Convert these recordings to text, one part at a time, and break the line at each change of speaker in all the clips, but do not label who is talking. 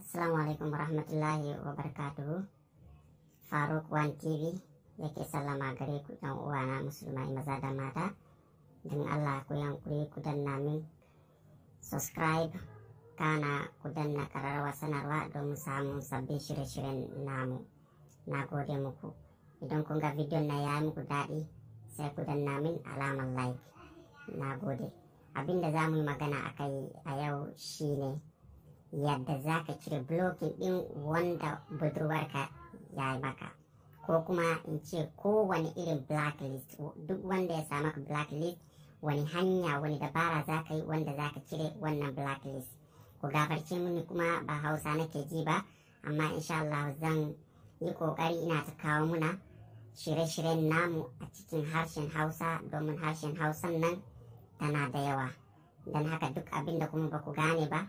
Assalamualaikum warahmatullahi wabarakatuh Faruk Wan TV yake sallama gare ku uwana musulmai maza da mata don Allah ku yankuri ku danna min subscribe kana ku danna kararwa sanarwa domin samun sabbin shirye-shiryen namu na gode muku idan video bidiyon na ya muku daɗi sai ku danna min alaman like na gode abinda za mu yi magana a kai a yau shine ne yadda za ka cire blocking ɗin wanda budurwarka ya yi maka ko kuma in ce kowane irin blacklist duk wanda ya samu ka blacklist wani hanya wani dabara za ka yi wanda za ka cire wannan blacklist ku gafarce mini kuma ba hausa nake ji ba amma insha Allah zan yi kokari ina ta kawo muna shirye-shiryen namu a cikin harshen hausa domin harshen hausan nan tana da yawa don haka duk abin da kuma ba ku gane ba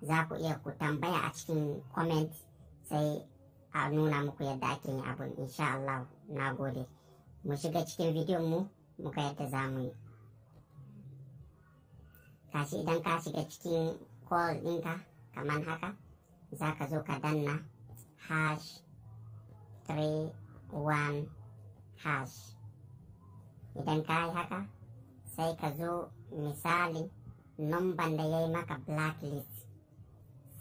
za ku iya ku tambaya a cikin comment sai a nuna muku yadda ake yin abun insha Allah na gode mu shiga cikin bidiyon mu muka yadda za mu yi kashi idan ka shiga cikin call ɗinka kamar haka za ka zo ka danna hash 31 hash idan ka yi haka sai ka zo misali numban da ya yi maka blacklist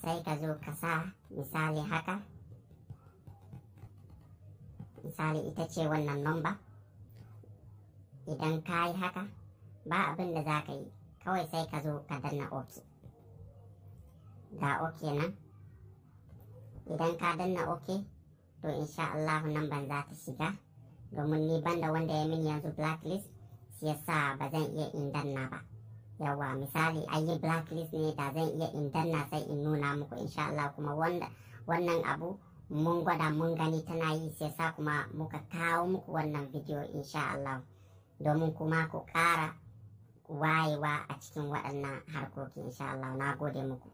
sai ka zo ka sa misali haka misali ita ce wannan nomba idan ka yi haka ba abin da za ka yi kawai sai ka zo ka danna ok ga ok nan idan ka danna ok to insha Allahu nan ban za ta shiga domin ni banda wanda ya min yanzu blacklist shi yasa ba zan iya in danna ba yawa misali an yi blacklist ne da zan iya in danna sai in nuna muku insha Allah kuma wannan abu mun gwada mun gani tana yi sai sa kuma muka kawo muku wannan bidiyo insha Allah domin kuma ku kara wayewa a cikin waɗannan harkoki insha Allah na gode muku